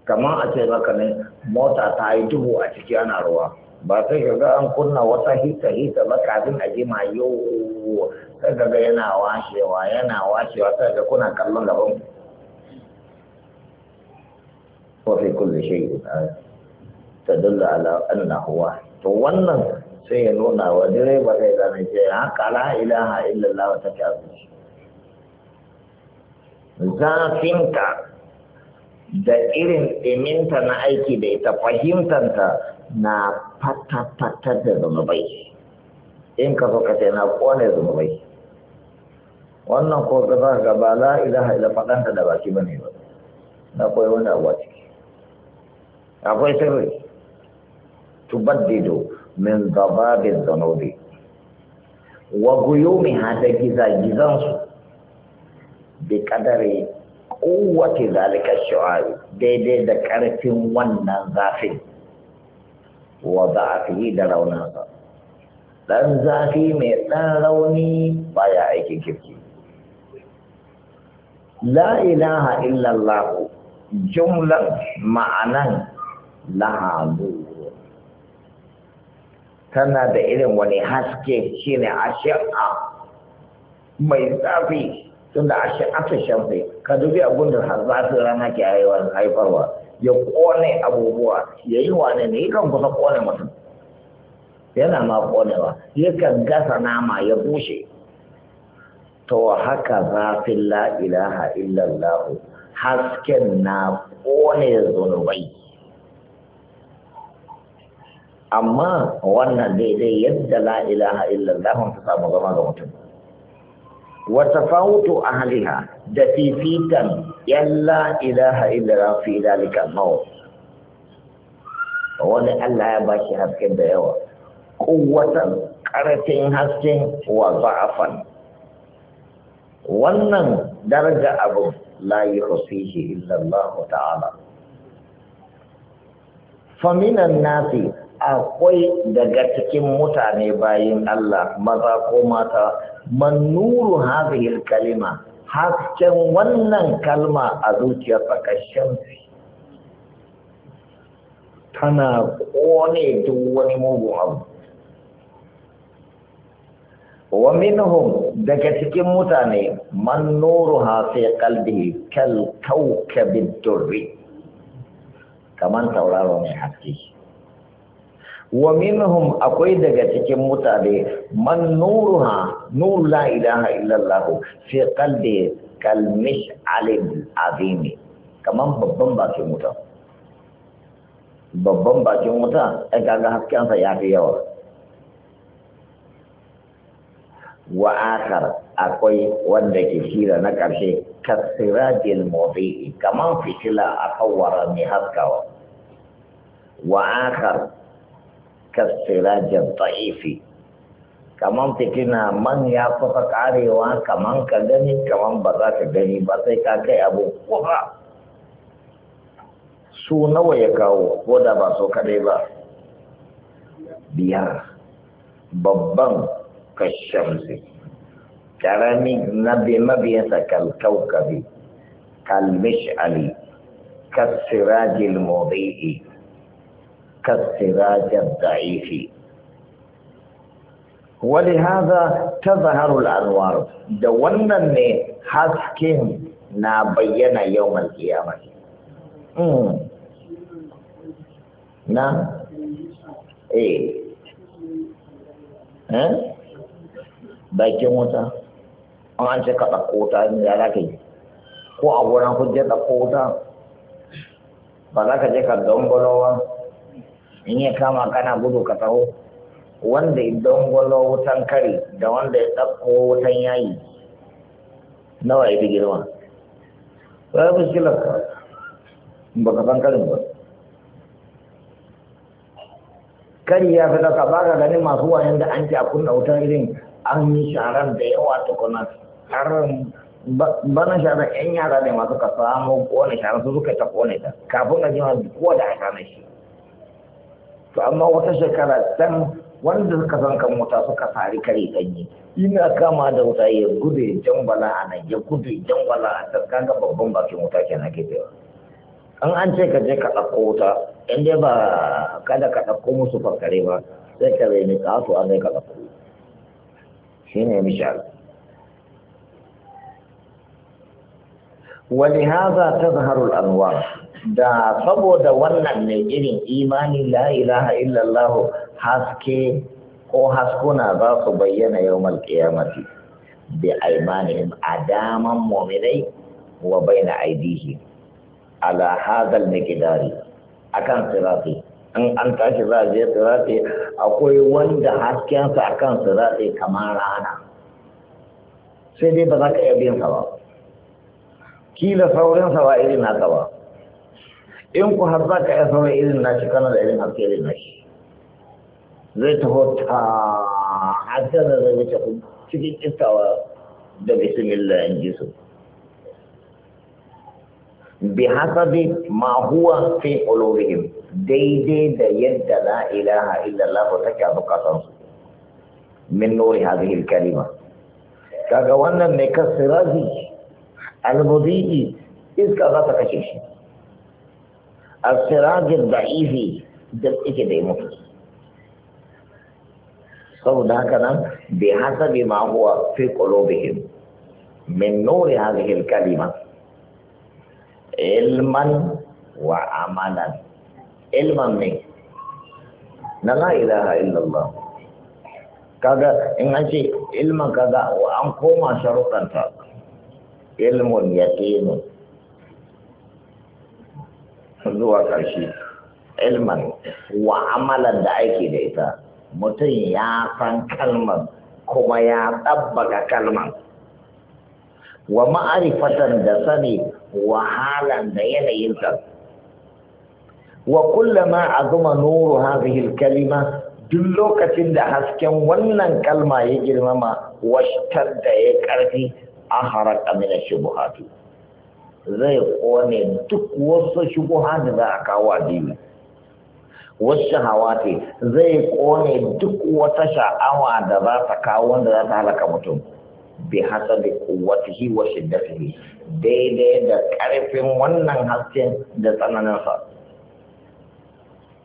kamar a ce maka ne mota ta yi duhu a ciki ana ruwa ba sai ka ga an kunna wata hita hita ba kafin a jima yau sai ka ga yana washewa yana washewa sai ga kuna kallon gaban ko fi kulli ta dalla ala annahu wa to wannan sai ya nuna wa direba da zama ce haka la ilaha illallah ta ta zafin da irin ɗiminta na aiki da ita fahimtanta na fata-fata da zunubai in ka so ka ce na kone zunubai wannan ko ka za ka ba la ilaha ila faɗanta da baki ba ne ba na koyi wani abuwa ciki akwai sirri dido, min zababin zunubi wa guyumi ha da gizagizansu bi kadari kowace zalika shawari daidai da ƙarfin wannan zafin wa ba a fi da sa ɗan zafi mai ɗan rauni ba ya aikin kirki la ilaha illallah jumlan ma'anan lahamu tana da irin wani haske shine ashi'a mai zafi tunda a shi'atu shafe ka dubi abin da har zafin rana ke haifarwa ya kone abubuwa ya yi wane ne kan kusa kone mutum yana ma konewa kan gasa nama ya bushe to haka zafin la ilaha illallah hasken na kone zunubai amma wannan daidai yadda la ilaha illallah ta samu zama ga mutum Watafautu a haliha da fifitan yalla ilaha illa fi dalika mawar wani Allah ya baki haske da yawa kuwatan karfin hasken wa za'afan wannan daraja abu la yi rufihi illallah ta'ala faminan akwai daga cikin mutane bayan Allah maza ko mata Mannuru nuru hadhihi kalima hasken wannan kalma a zuciyar fakashin tana kone duk wani mugu abu wa minhum daga cikin mutane man nuruha fi qalbihi kal kawkabid durri kaman tauraro mai haske wa minhum akwai daga cikin mutane man nuruha nur la ilaha illallah fi qalbi kalmish alim azim kaman babban bakin wuta babban bakin wuta ai kaga sa ya fi yawa wa akhar akwai wanda ke shira na ƙarshe kasirajil mafi kaman fitila a kawara mai haskawa wa akhar kasirajan ta'ifi kaman fitina man ya kusa karewa kaman ka gani kaman ba za ka gani ba sai ka kai abu kusa su nawa ya kawo ko da ba so kadai ba biyar babban kashamsi karami na mabiyansa kalkaukabi kalmish'ali kasirajil mawdi'i كالسراج الضعيف ولهذا تظهر الأنوار دولنا حسكين نابينا يوم القيامة نعم ايه ها bakin wuta an ce ka ɗauko wuta in da za ka yi ko a gonan kun je ɗauko wuta ba za ka je ka ba in ya kama kana gudu ka taho wanda idan gwalo wutan kari da wanda ya ɗauko wutan yayi nawa ya fi girma ba ya fi ka ba ka san karin ba kari ya fi ɗauka ba ka ganin masu wayan da an ci a kunna wutan irin an yi sharar da yawa tukuna har bana sharar yan yara ne masu ka samu kone sharar su suka ta kone ta kafin a jima kowa da a shi to amma wata shekara can wanda suka san kan wuta suka sari kare ganye ina kama da wuta ya gudu ya bala a nan ya gudu ya bala a can kaga babban bakin wuta ke na cewa an an ce ka je ka ɗauko wuta in dai ba kada ka ɗauko musu farkare ba sai ka zai nika su an zai ka ɗauko shi ne misali wani haza ta da saboda wannan ne irin imani la ilaha illallah haske ko haskuna za su bayyana yawmal qiyamati bi aymanihim adaman mu'minai wa baina aidihi ala hadal miqdari akan sirati in an tashi za a je sirati akwai wanda haskensa akan sirati kamar rana sai dai ba za ka iya biyan sa ba kila saurinsa ba irin na ba in ku har za ka iya sauran irin nashi kana da irin haske irin nashi zai taho ta haske da zai wuce ku cikin kistawa da bismillah in ji su bi hasabi ma huwa fi qulubihim daidai da yadda la ilaha illallah take a su. min nuri hadhihi kalima kaga wannan ne kasirazi al iska za ta kashe shi الصراط الضعيف جب ایک دے مفتی سب دا کنا بحاسا بما قلوبهم من نور هذه الكلمة علما وعملا علما من لا إله إلا الله كذا إن أشي علما كذا وأنكما شرطا فاق علم يقين zuwa ƙarshe ilman wa amalan da ake da ita mutum ya san kalmar kuma ya ɗabbaka kalmar wa ma'arifatan da sani wahalan da yanayinsa wa kullama zuma nuru hadhihi kalima duk lokacin da hasken wannan kalma ya girmama washtar da ya karfi a haraka min shubuhati zai kone duk wasu shubuha da za a kawo addini wasu ce zai kone duk wata sha'awa da za ta kawo wanda za ta halaka mutum bi hasabi shi wa shiddatihi daidai da ƙarfin wannan hasken da tsananinsa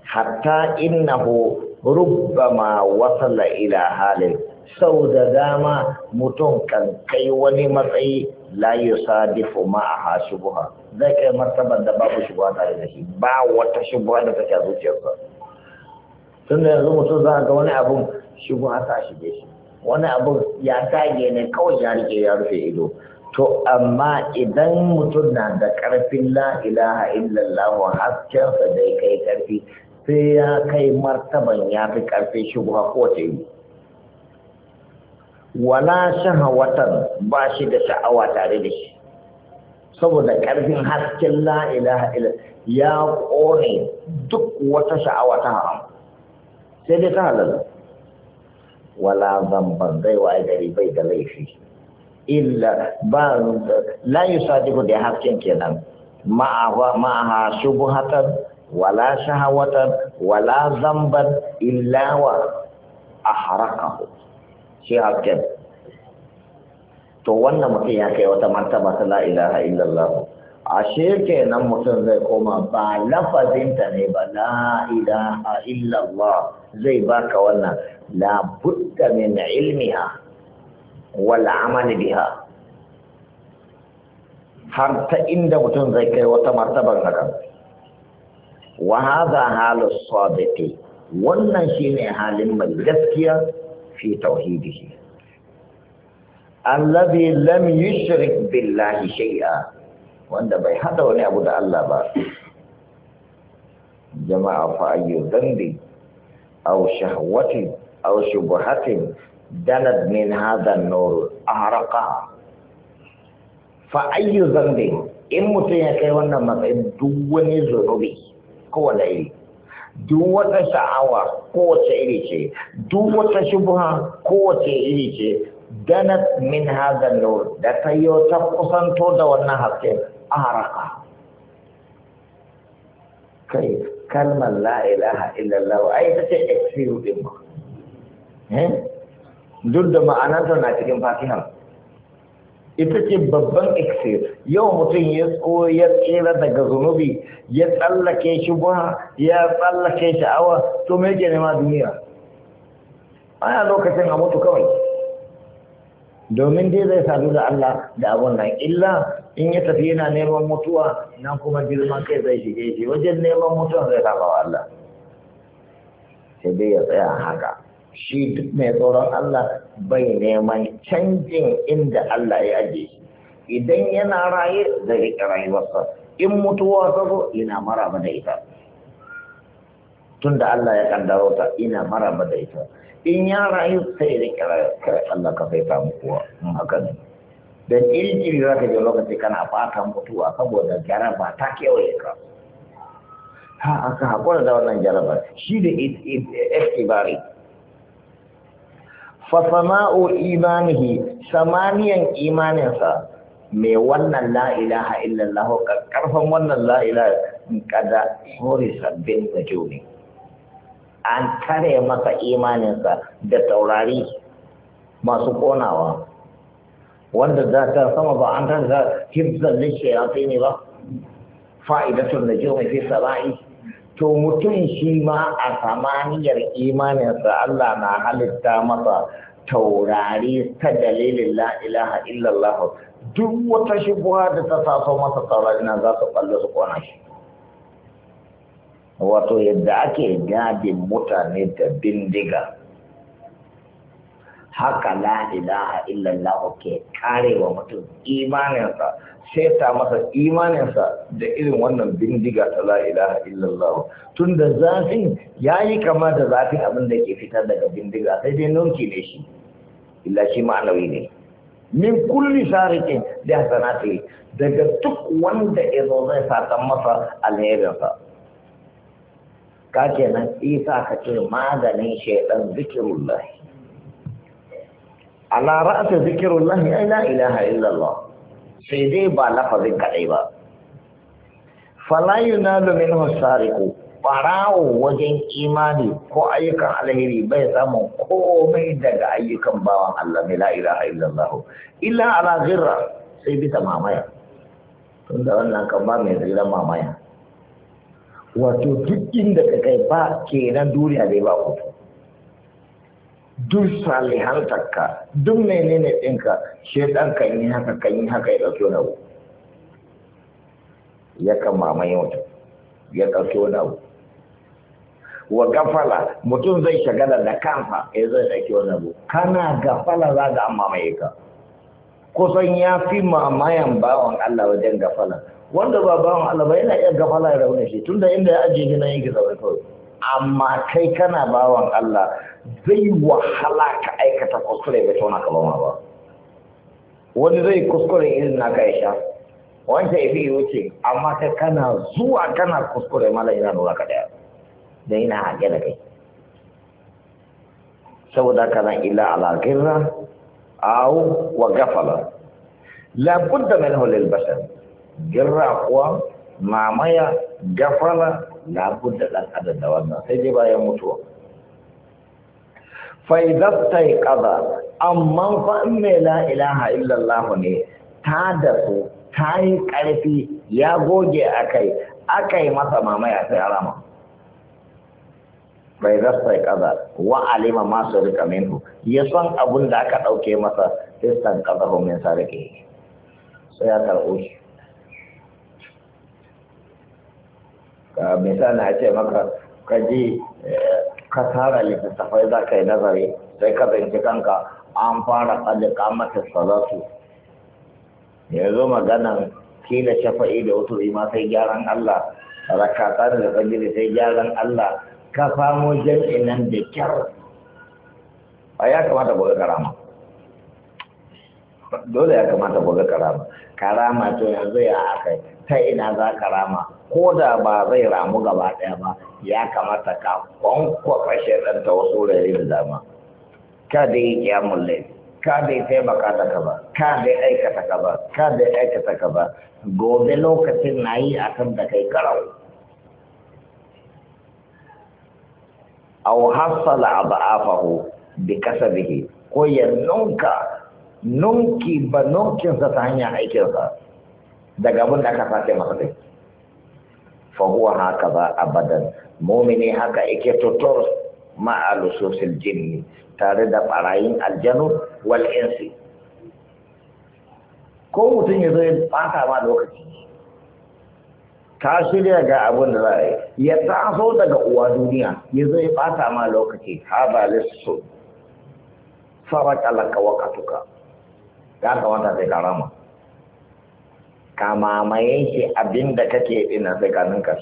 hatta innahu rubbama wasala ila halin sau da dama mutum kan kai wani matsayi la yusadifu ma'aha shubha zai kai martaban da babu shubha tare da shi ba wata shubha da take zuciyar ka? tunda yanzu mutum za ga wani abun shubha ta shige shi wani abun ya tage ne kawai ya rike ya rufe ido to amma idan mutum na da karfin la ilaha illallah sa dai kai karfi sai ya kai martaban ya fi karfin shubha ko ta yi wala shahawatan ba shi da sha'awa tare da shi saboda ƙarfin hasken la'ilaha ila ya ƙone duk wata sha'awa ta haram sai dai ta halal wala zamban zai wa gari bai da laifi illa ba la yusadiku da hasken kenan ma'aha hatar wala shahawatan wala zamban illawa a harakahu shi hasken to wannan mutum ya kai wata martaba ta la ilaha illallah ashe kenan mutum zai koma ba lafazinta ne ba la ilaha illallah zai baka wannan la budda min ilmiha wal amali biha har ta inda mutum zai kai wata martaban hakan wa hadha halu sadiqi wannan shine halin mai gaskiya في توحيده الذي لم يشرك بالله شيئا وأن بيحده ونعبد الله بار جماعة فأي ذنب أو شهوة أو شبهة دنت من هذا النور أعرقها فأي ذنب إن متيكي وانا مطعب دون ذنوبي هو العلم duk wata sha'awa kowace iri ce duk wata shubha kowace iri ce danat min haza nur da ta yi ta kusanto da wannan haske a haraka kai kalmar la ilaha illallah ai ta ce exfiru din ba eh? duk da ma'anarta na cikin fatiha ita ce babban iksir, yau mutum ya tso ya tsira daga zunubi ya tsallake shi buha ya tsallake sha'awa to me ke nema duniya ana lokacin a mutu kawai domin dai zai sadu da Allah da abun nan illa in ya tafi yana neman mutuwa na kuma girman kai zai shige shi wajen neman mutuwa zai saba wa Allah sai dai ya tsaya haka shi duk mai tsoron Allah bai neman canjin inda Allah ya aje shi idan yana raye zai riƙe rayuwarsa in mutuwa ta zo ina maraba da ita tunda Allah ya kaddaro ta ina maraba da ita in ya rayu sai riƙe rayuwar Allah ka sai samu kuwa in haka ne dan iri za ka je lokaci kana fatan mutuwa saboda jaraba ta kewaye ka ha aka haƙura da wannan jarabar shi da ikibari fasama'u imanihi samaniyan imaninsa mai wannan la'ilaha illallah ƙarfan wannan la'ilaha kada hori sabbin najumi an tare masa imaninsa da taurari masu ƙonawa. wanda za ta sama ba an tare da hibzan lishe ya ne ba fa'idatun najumi fi sama'i to mutum shi ma a samaniyar imaninsa Allah na halitta masa taurari ta dalilin la ilaha illallah duk wata shubuha da ta taso masa taurari na za su kwallo su kona shi wato yadda ake gadin mutane da bindiga haka la ilaha illallah ke karewa mutum imaninsa ta masa imaninsa da irin wannan bindiga ta la ilaha illallah tun da zafin ya yi kama da zafin abin da ke fitar daga bindiga sai dai nunki ne shi illa shi ma'anawi ne min kulli sarikin da hasanati daga duk wanda ya zo zai satan masa alherinsa ka kenan isa ka ce maganin shaidan zikirullahi ala ra'asa zikirullahi ai la ilaha illallah sai dai ba lafazin kaɗai ba fala yunalu minhu sariqu barawo wajen imani ko ayyukan alheri bai samu komai daga ayyukan bawan Allah la ilaha illallah illa ala ghirra sai bisa mamaya tunda wannan kan ba mai zira mamaya wato duk inda ka kai ba kenan duniya dai ba kuto duk salihantarka duk menene ɗinka ɗan kan yi haka kan yi haka ya ɗauki wani abu ya kan mamaye mutum ya ɗauki wani abu wa gafala mutum zai shagala da kansa ya eh, zai ɗauki wani abu kana gafala za ga an mamaye ka kusan ya fi mamayan bawan Allah wajen gafala wanda ba bawan Allah ba yana iya gafala ya rauna shi tunda inda ya ajiye gina yake zaune kawai amma kai kana bawan Allah zai wahala ka aikata kuskure bai tona kalama ba wani zai kuskure irin na ka sha wanda ya fi wuce amma ka kana zuwa kana kuskure mala ina nuna ka daya da ina hake da kai saboda kana illa ala girra wa gafala labun da mai hulil basar girra kuwa mamaya gafala labun da ɗan adam da sai dai bayan mutuwa yi ƙaza amma fa in mai illallah ne ta da su ta yi ƙarfi ya goge a kai aka yi masa mamaya sai alama bai yi kaza wa alima masu rika minhu ya san abun da aka ɗauke masa istan kaza homin sarki sai ya karɓo shi misali a ce maka ka je eh, ka tara littattafai za ka yi nazari sai ka zanci kanka an fara tsallika mata salatu yanzu maganan kila shafa'i da wuturi ma sai gyaran Allah rakata da fajiri sai gyaran Allah ka samo jam'i nan da kyar a ya kamata ba karama dole ya kamata ku ga karama karama to yanzu ya akai ta ina za karama ko da ba zai ramu gaba ɗaya ba ya kamata ka fashe ɗan ta wasu rari da dama ka da yi kyamun laifi ka da yi taimaka da ka ba ka da yi aikata ka ba ka da yi aikata ka ba gobe lokacin na yi a kan da kai karau au hasala abu afahu bi kasabihi ko ya nunka nunki ba nunkinsa ta hanyar aikinsa daga abin da aka fashe masa dai fahuwa haka ba abadan mumini haka ike tutur ma'alusosil jini tare da barayin aljanu wal insi ko mutum ya zo ya ma lokaci ta shirya ga abin da za a yi ya taso daga uwa duniya ya zo ya ma lokaci ha ba lissu faraka wakatuka ya kamata sai karama ka mamaye shi abin da kake ina tsakanin ka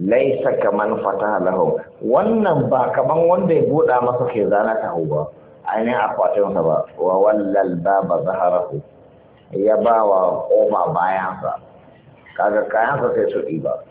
laisa kaman fataha lahu wannan ba kaman wanda ya buɗa masa ke zana ta ba ainihin akwatin sa ba wa wallal baba zaharahu ya ba wa koma bayansa kaga kayansa sai su ɗiba